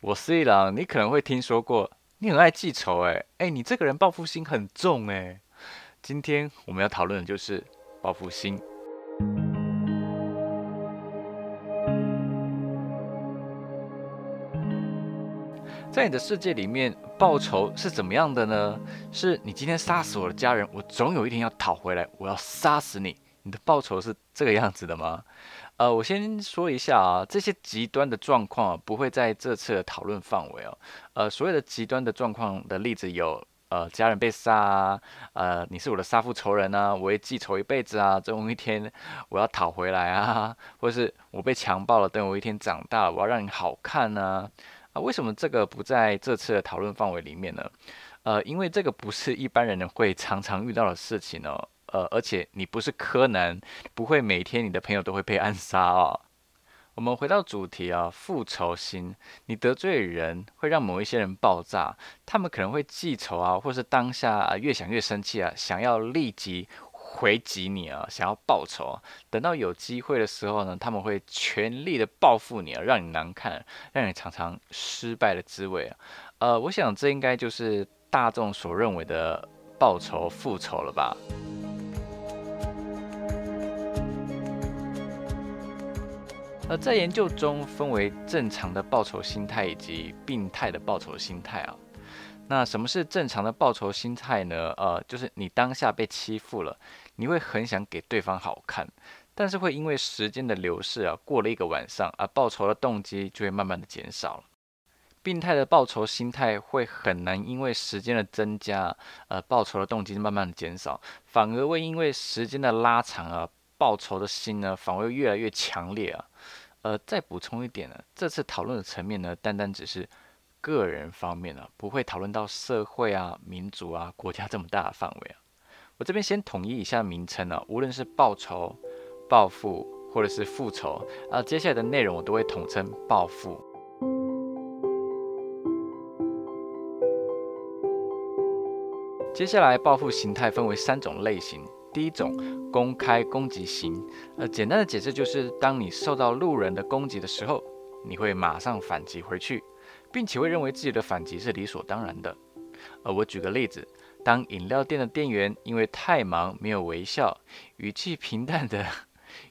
我是一郎，你可能會聽說過，你很愛記仇，哎哎，你這個人報復心很重，哎。今天我們要討論的就是報復心。在你的世界裡面，報仇是怎麼樣的呢？是你今天殺死我的家人，我總有一天要討回來，我要殺死你。你的報仇是這個樣子的嗎？呃，我先說一下啊，這些極端的狀況、啊、不會在這次的討論範圍哦。呃，所謂的極端的狀況的例子有，呃，家人被殺啊，呃，你是我的殺父仇人啊，我會記仇一輩子啊，總有一天我要討回來啊，或者是我被強暴了，等我一天長大，我要讓你好看啊。啊、呃，為什麼這個不在這次的討論範圍裡面呢？呃，因為這個不是一般人會常常遇到的事情哦。呃，而且你不是柯南，不會每天你的朋友都會被暗殺哦。我們回到主題啊，復仇心，你得罪人會讓某一些人爆炸，他們可能會記仇啊，或是當下啊，越想越生氣啊，想要立即回擊你啊，想要報仇。等到有機會的時候呢，他們會全力的報復你啊，讓你難看，讓你嘗嘗失敗的滋味啊。呃，我想這應該就是大眾所認為的報仇復仇了吧。呃，在研究中分為正常的報復心態以及病態的報復心態啊。那什麼是正常的報復心態呢？呃，就是你當下被欺負了，你會很想給對方好看，但是會因為時間的流逝啊，過了一個晚上啊、呃，報復的動機就會慢慢的減少了。病態的報復心態會很難，因為時間的增加，呃，報復的動機慢慢的減少，反而會因為時間的拉長啊，報復的心呢，反而會越來越強烈啊。呃，再補充一點呢、啊，這次討論的層面呢，單單只是個人方面啊，不會討論到社會啊、民族啊、國家這麼大的範圍啊。我這邊先統一一下名稱啊，無論是報仇、報復或者是復仇啊、呃，接下來的內容我都會統稱報復。接下來，報復形態分為三種類型。第一種公開攻擊型，呃，簡單的解釋就是，當你受到路人的攻擊的時候，你會馬上反擊回去，並且會認為自己的反擊是理所當然的。呃，我舉個例子，當飲料店的店員因為太忙沒有微笑，語氣平淡的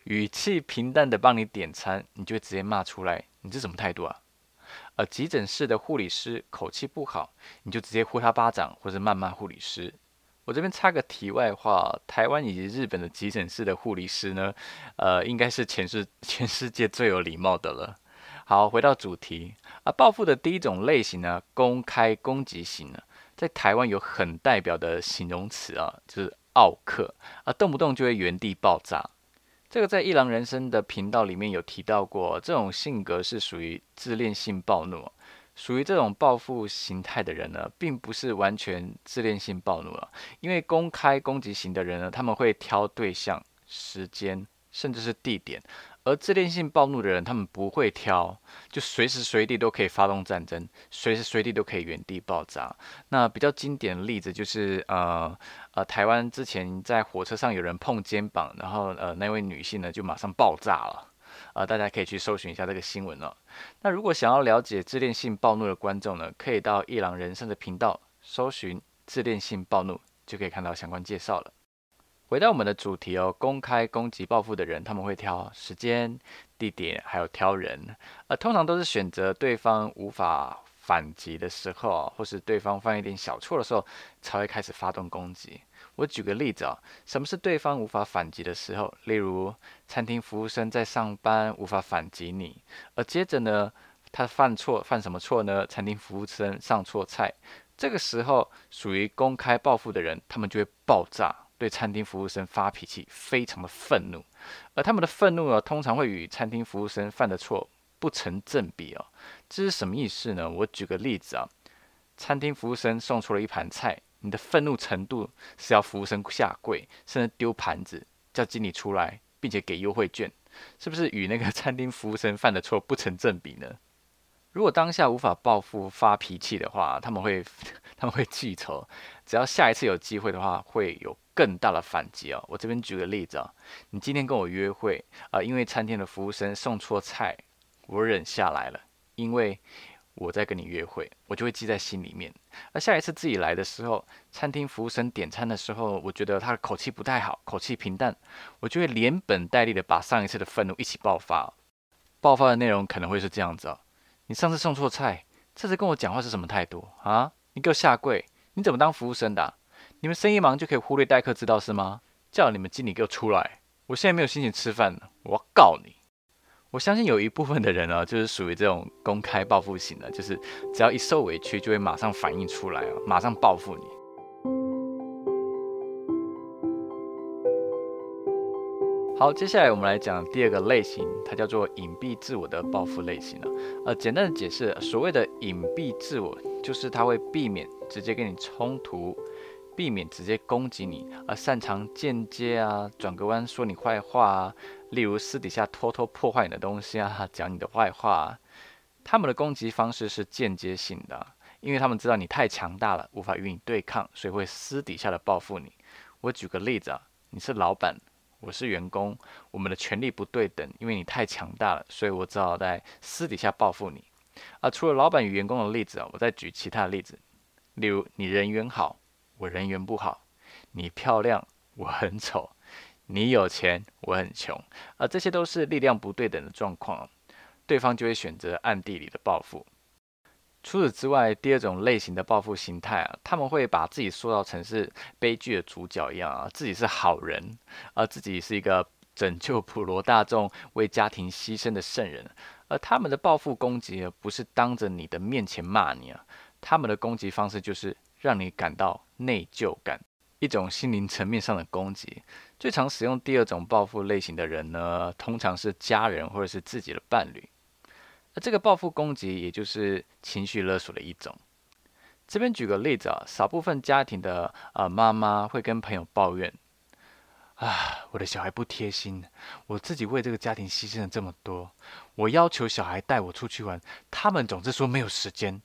語氣平淡的幫你點餐，你就直接罵出來，你這什麼態度啊？呃，急診室的護理師口氣不好，你就直接呼他巴掌或是謾罵護理師。我這邊插個題外話，台灣以及日本的急診室的護理師呢，呃，應該是全世全世界最有禮貌的了。好，回到主題，啊，報復的第一種類型呢、啊，公開攻擊型呢、啊，在台灣有很代表的形容詞啊，就是奧客啊，動不動就會原地爆炸。這個在一郎人生的頻道裡面有提到過、啊，這種性格是屬於自戀性暴怒。屬於這種報復形態的人呢，並不是完全自戀性暴怒了，因為公開攻擊型的人呢，他們會挑對象、時間，甚至是地點；而自戀性暴怒的人，他們不會挑，就隨時隨地都可以發動戰爭，隨時隨地都可以原地爆炸。那比較經典的例子就是，呃呃，台灣之前在火車上有人碰肩膀，然後呃那位女性呢就馬上爆炸了。啊、呃，大家可以去搜尋一下這個新聞哦。那如果想要了解自戀性暴怒的觀眾呢，可以到一郎人生的頻道搜尋自戀性暴怒，就可以看到相關介紹了。回到我們的主題哦，公開攻擊報復的人，他們會挑時間、地點，還有挑人。而、呃、通常都是選擇對方無法反擊的時候，或是對方犯一點小錯的時候，才會開始發動攻擊。我舉個例子啊，什麼是對方無法反擊的時候？例如，餐廳服務生在上班，無法反擊你。而接着呢，他犯錯，犯什麼錯呢？餐廳服務生上錯菜。這個時候，屬於公開報復的人，他們就會爆炸，對餐廳服務生發脾氣，非常的憤怒。而他們的憤怒呢、啊，通常會與餐廳服務生犯的錯不成正比哦、啊。這是什麼意思呢？我舉個例子啊，餐廳服務生送錯了一盤菜。你的憤怒程度是要服務生下跪，甚至丟盤子，叫經理出來，並且給優惠券，是不是與那個餐廳服務生犯的錯不成正比呢？如果當下無法報復發脾氣的話，他們會他們會記仇，只要下一次有機會的話，會有更大的反擊哦。我這邊舉個例子啊、哦，你今天跟我約會啊、呃，因為餐廳的服務生送錯菜，我忍下來了，因為。我再跟你約會，我就會記在心裡面。而下一次自己來的時候，餐廳服務生點餐的時候，我覺得他的口氣不太好，口氣平淡，我就會連本帶利的把上一次的憤怒一起爆發。爆發的內容可能會是這樣子哦，你上次送錯菜，這次跟我講話是什麼態度啊？你給我下跪，你怎麼當服務生的啊？你們生意忙就可以忽略待客之道是嗎？叫你們經理給我出來，我現在沒有心情吃飯了，我要告你。我相信有一部分的人呢、啊，就是屬於這種公開報復型的，就是只要一受委屈，就會馬上反應出來、啊、馬上報復你。好，接下來我們來講第二個類型，它叫做隱蔽自我的報復類型了、啊。呃，簡單的解釋，所謂的隱蔽自我，就是它會避免直接跟你衝突。避免直接攻擊你，而擅長間接啊，轉個彎說你壞話啊，例如私底下偷偷破壞你的東西啊，講你的壞話啊。他們的攻擊方式是間接性的，因為他們知道你太強大了，無法與你對抗，所以會私底下的報復你。我舉個例子啊，你是老闆，我是員工，我們的權力不對等，因為你太強大了，所以我只好在私底下報復你。啊，除了老闆與員工的例子啊，我再舉其他的例子，例如你人緣好。我人緣不好，你漂亮，我很醜；你有錢，我很窮。而這些都是力量不對等的狀況，對方就會選擇暗地裡的報復。除此之外，第二種類型的報復心態啊，他們會把自己塑造成是悲劇的主角一樣啊，自己是好人，而自己是一個拯救普羅大眾、為家庭犧牲的聖人。而他們的報復攻擊啊，不是當着你的面前罵你啊，他們的攻擊方式就是。讓你感到內疚感，一種心靈層面上的攻擊。最常使用第二種報復類型的人呢，通常是家人或者是自己的伴侶。那這個報復攻擊，也就是情緒勒索的一種。這邊舉個例子啊，少部分家庭的呃媽媽會跟朋友抱怨：啊，我的小孩不貼心，我自己為這個家庭犧牲了這麼多，我要求小孩帶我出去玩，他們總是說沒有時間。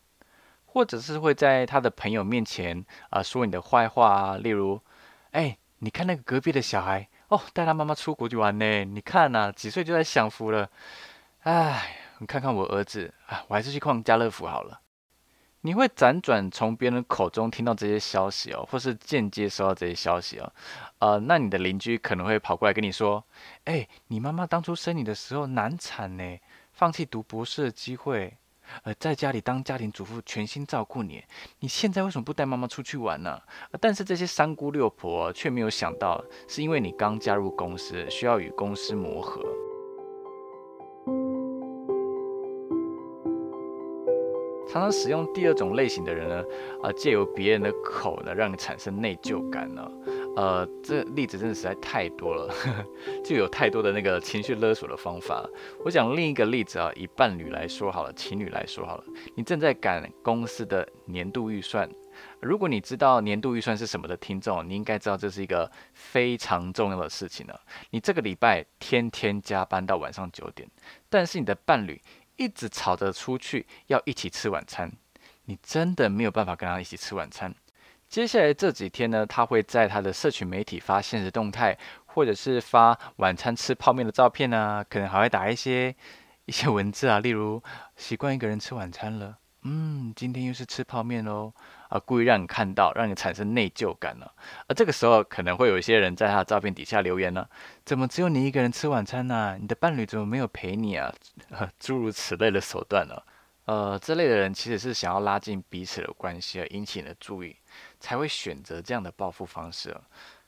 或者是會在他的朋友面前啊、呃、說你的壞話、啊，例如，哎、欸，你看那個隔壁的小孩哦，帶他媽媽出國去玩呢，你看吶、啊，幾歲就在享福了，哎，你看看我兒子啊，我還是去逛家樂福好了。你會輾轉從別人口中聽到這些消息哦，或是間接收到這些消息哦，呃，那你的鄰居可能會跑過來跟你說，哎、欸，你媽媽當初生你的時候難產呢，放棄讀博士的機會。呃，在家裡當家庭主婦，全心照顧你。你現在為什麼不帶媽媽出去玩呢、啊呃？但是這些三姑六婆卻、啊、沒有想到，是因為你剛加入公司，需要與公司磨合。常常使用第二種類型的人呢，啊、呃，借由別人的口呢，讓你產生內疚感呢、啊。呃，這例子真的實在太多了，呵呵，就有太多的那個情緒勒索的方法。我講另一個例子啊，以伴侶來說好了，情侶來說好了。你正在趕公司的年度預算，如果你知道年度預算是什麼的聽眾，你應該知道這是一個非常重要的事情了啊。你這個禮拜天天加班到晚上九點，但是你的伴侶一直吵着出去要一起吃晚餐，你真的沒有辦法跟他一起吃晚餐。接下來這幾天呢，他會在他的社群媒體發限時動態，或者是發晚餐吃泡麵的照片啊，可能還會打一些一些文字啊，例如習慣一個人吃晚餐了，嗯，今天又是吃泡麵嘍，啊，故意讓你看到，讓你產生內疚感了、啊。而、啊、這個時候，可能會有一些人在他的照片底下留言呢、啊，怎麼只有你一個人吃晚餐呢、啊？你的伴侶怎麼沒有陪你啊？啊，諸如此類的手段呢、啊。呃，這類的人其實是想要拉近彼此的關係，而引起你的注意，才會選擇這樣的報復方式啊。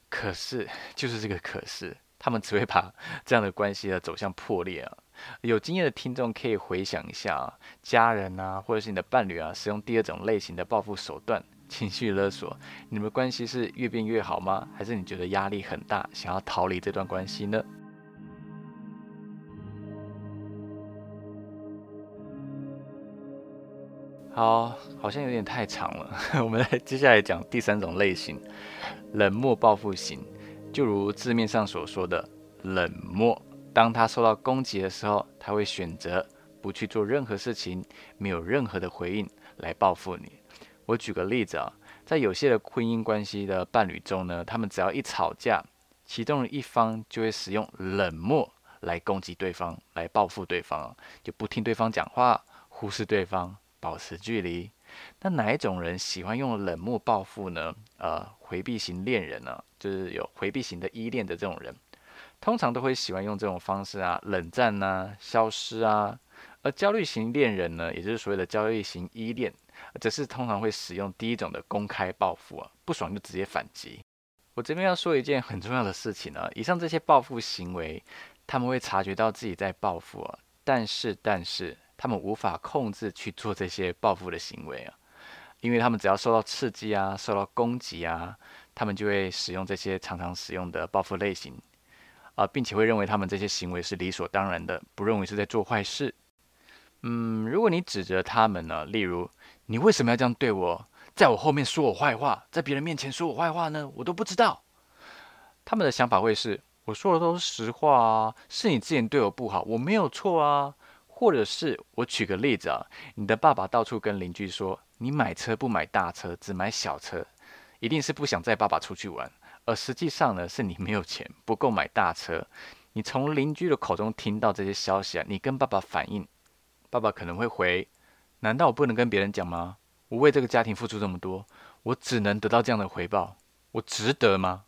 可是，就是這個可是，他們只會把這樣的關係啊走向破裂啊。有經驗的聽眾可以回想一下啊，家人啊，或者是你的伴侶啊，使用第二種類型的報復手段——情緒勒索，你們關係是越變越好嗎？還是你覺得壓力很大，想要逃離這段關係呢？好，好像有點太長了。 我們來接下來講第三種類型，冷漠報復型。就如字面上所說的，冷漠。當他受到攻擊的時候，他會選擇不去做任何事情，沒有任何的回應來報復你。我舉個例子啊，在有些的婚姻關係的伴侶中呢，他們只要一吵架，其中的一方就會使用冷漠來攻擊對方，來報復對方啊，就不聽對方講話，忽視對方。保持距離，那哪一種人喜歡用冷漠報復呢？呃，回避型戀人呢、啊，就是有回避型的依戀的這種人，通常都會喜歡用這種方式啊，冷戰啊，消失啊。而焦慮型戀人呢，也就是所謂的焦慮型依戀，則是通常會使用第一種的公開報復啊，不爽就直接反擊。我這邊要說一件很重要的事情呢、啊，以上這些報復行為，他們會察覺到自己在報復啊，但是，但是。他們無法控制去做這些報復的行為啊，因為他們只要受到刺激啊，受到攻擊啊，他們就會使用這些常常使用的報復類型啊，呃，並且會認為他們這些行為是理所當然的，不認為是在做壞事。嗯，如果你指責他們呢，啊，例如你為什麼要這樣對我，在我後面說我壞話，在別人面前說我壞話呢？我都不知道。他們的想法會是：我說的都是實話啊，是你之前對我不好，我沒有錯啊。或者是我舉個例子啊，你的爸爸到處跟鄰居說，你買車不買大車，只買小車，一定是不想載爸爸出去玩。而實際上呢，是你沒有錢，不夠買大車。你從鄰居的口中聽到這些消息啊，你跟爸爸反映，爸爸可能會回：難道我不能跟別人講嗎？我為這個家庭付出這麼多，我只能得到這樣的回報，我值得嗎？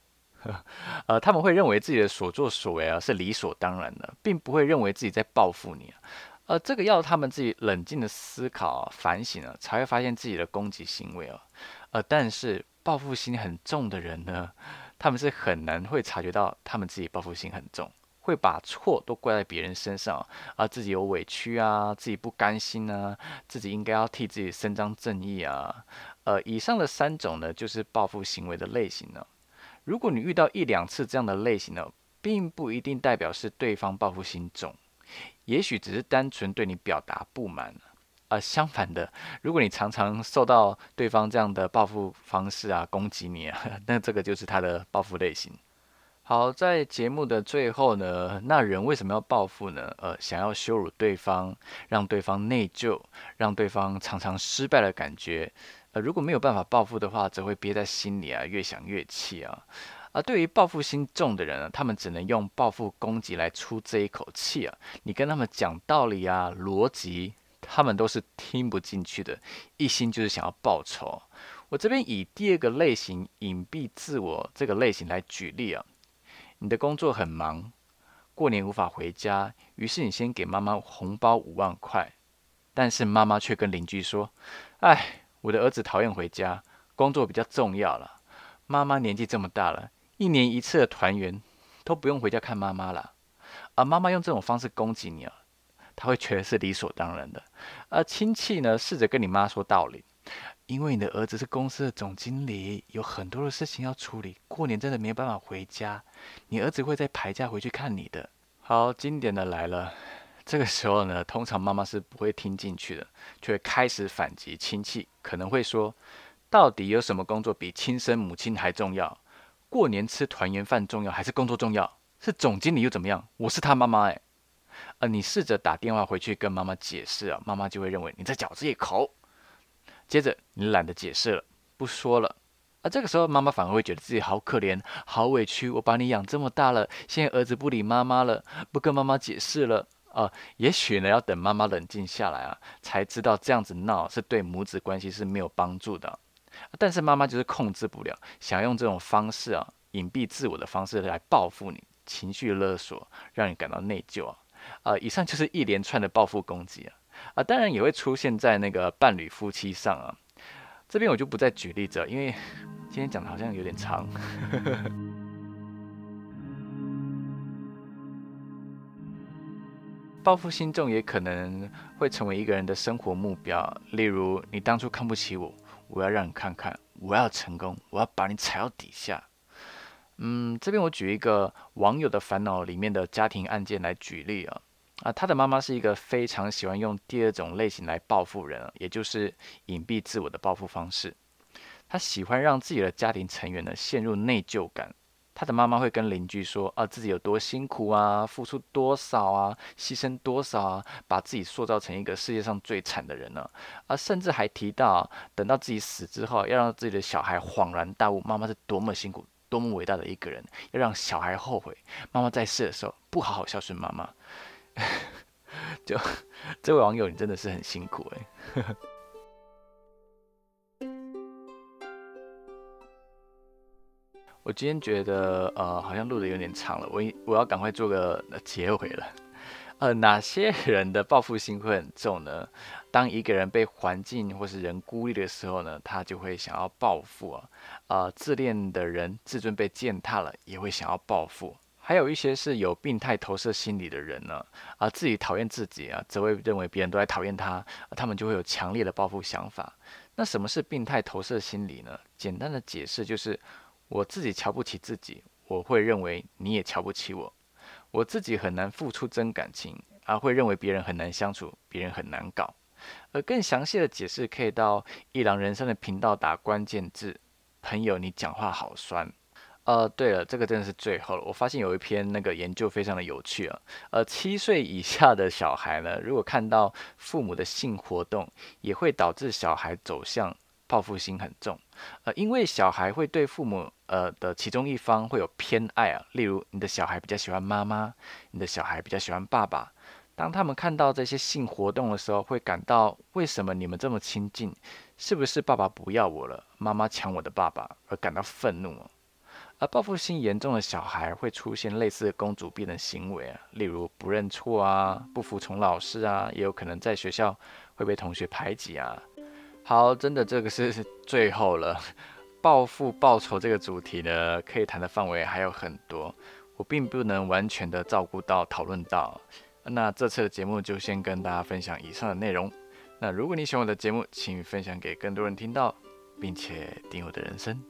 呃，他們會認為自己的所作所為啊是理所當然的，並不會認為自己在報復你啊。呃，這個要他們自己冷靜的思考、啊、反省呢、啊，才會發現自己的攻擊行為哦、啊。呃，但是報復心很重的人呢，他們是很難會察覺到他們自己報復心很重，會把錯都怪在別人身上啊，啊、呃，自己有委屈啊，自己不甘心啊，自己應該要替自己伸張正義啊。呃，以上的三種呢，就是報復行為的類型呢、啊。如果你遇到一兩次這樣的類型呢、啊，並不一定代表是對方報復心重。也許只是單純對你表達不滿而、呃、相反的，如果你常常受到對方這樣的報復方式啊，攻擊你啊，那這個就是他的報復類型。好，在節目的最後呢，那人為什麼要報復呢？呃，想要羞辱對方，讓對方內疚，讓對方常常失敗的感覺。呃，如果沒有辦法報復的話，只會憋在心裡啊，越想越氣啊。而啊，對於報復心重的人啊，他們只能用報復攻擊來出這一口氣啊！你跟他們講道理啊、邏輯，他們都是聽不進去的，一心就是想要報仇。我這邊以第二個類型——隱蔽自我這個類型來舉例啊。你的工作很忙，過年無法回家，於是你先給媽媽紅包五萬塊，但是媽媽卻跟鄰居說：“唉，我的兒子討厭回家，工作比較重要了。媽媽年紀這麼大了。”一年一次的團圓，都不用回家看媽媽了。啊，媽媽用這種方式攻擊你啊，她會覺得是理所當然的。而、啊、親戚呢，試着跟你媽說道理，因為你的兒子是公司的總經理，有很多的事情要處理，過年真的沒有辦法回家。你兒子會在排假回去看你的。好，經典的來了。這個時候呢，通常媽媽是不會聽進去的，卻開始反擊。親戚可能會說：“到底有什麼工作比親生母親還重要？”過年吃團圓飯重要還是工作重要？是總經理又怎麼樣？我是他媽媽哎、欸，呃，你試着打電話回去跟媽媽解釋啊，媽媽就會認為你在找藉口。接着你懶得解釋了，不說了。啊、呃，這個時候媽媽反而會覺得自己好可憐，好委屈。我把你養這麼大了，現在兒子不理媽媽了，不跟媽媽解釋了啊、呃。也許呢，要等媽媽冷靜下來啊，才知道這樣子鬧是對母子關係是沒有幫助的。但是媽媽就是控制不了，想用這種方式啊，隱蔽自我的方式來報復你，情緒勒索，讓你感到內疚啊、呃。以上就是一連串的報復攻擊啊，啊、呃，當然也會出現在那個伴侶夫妻上啊。這邊我就不再舉例子了，因為今天講的好像有點長。 報復心重也可能會成為一個人的生活目標，例如你當初看不起我。我要讓你看看，我要成功，我要把你踩到底下。嗯，這邊我舉一個網友的煩惱裡面的家庭案件來舉例啊，啊，他的媽媽是一個非常喜歡用第二種類型來報復人，也就是隱蔽自我的報復方式。她喜歡讓自己的家庭成員呢，陷入內疚感。他的媽媽會跟鄰居說：“啊，自己有多辛苦啊，付出多少啊，犧牲多少啊，把自己塑造成一個世界上最慘的人呢，啊，甚至還提到，等到自己死之後，要讓自己的小孩恍然大悟，媽媽是多麼辛苦，多麼偉大的一個人，要讓小孩後悔，媽媽在世的時候不好好孝順媽媽。 就”就這位網友，你真的是很辛苦哎、欸。 我今天覺得，呃，好像錄的有點長了，我一我要趕快做個呃，結尾了。呃，哪些人的報復心會很重呢？當一個人被環境或是人孤立的時候呢，他就會想要報復啊。呃，自戀的人，自尊被踐踏了，也會想要報復。還有一些是有病態投射心理的人呢、啊，啊、呃，自己討厭自己啊，則會認為別人都在討厭他，他們就會有強烈的報復想法。那什麼是病態投射心理呢？簡單的解釋就是。我自己瞧不起自己，我會認為你也瞧不起我。我自己很難付出真感情，而、啊、會認為別人很難相處，別人很難搞。而更詳細的解釋可以到一郎人生的頻道打關鍵字“朋友”，你講話好酸。呃，對了，這個真的是最後了。我發現有一篇那個研究非常的有趣啊。呃，七歲以下的小孩呢，如果看到父母的性活動，也會導致小孩走向。報復心很重，呃，因為小孩會對父母呃的其中一方會有偏愛啊。例如，你的小孩比較喜歡媽媽，你的小孩比較喜歡爸爸。當他們看到這些性活動的時候，會感到為什麼你們這麼親近？是不是爸爸不要我了，媽媽搶我的爸爸而感到憤怒啊。而報復心嚴重的小孩會出現類似的公主病的行為啊，例如不認錯啊，不服從老師啊，也有可能在學校會被同學排擠啊。好，真的，這個是最後了。報復、報仇這個主題呢，可以談的範圍還有很多，我並不能完全的照顧到、討論到。那這次的節目就先跟大家分享以上的內容。那如果你喜歡我的節目，請分享給更多人聽到，並且訂閱我的人生。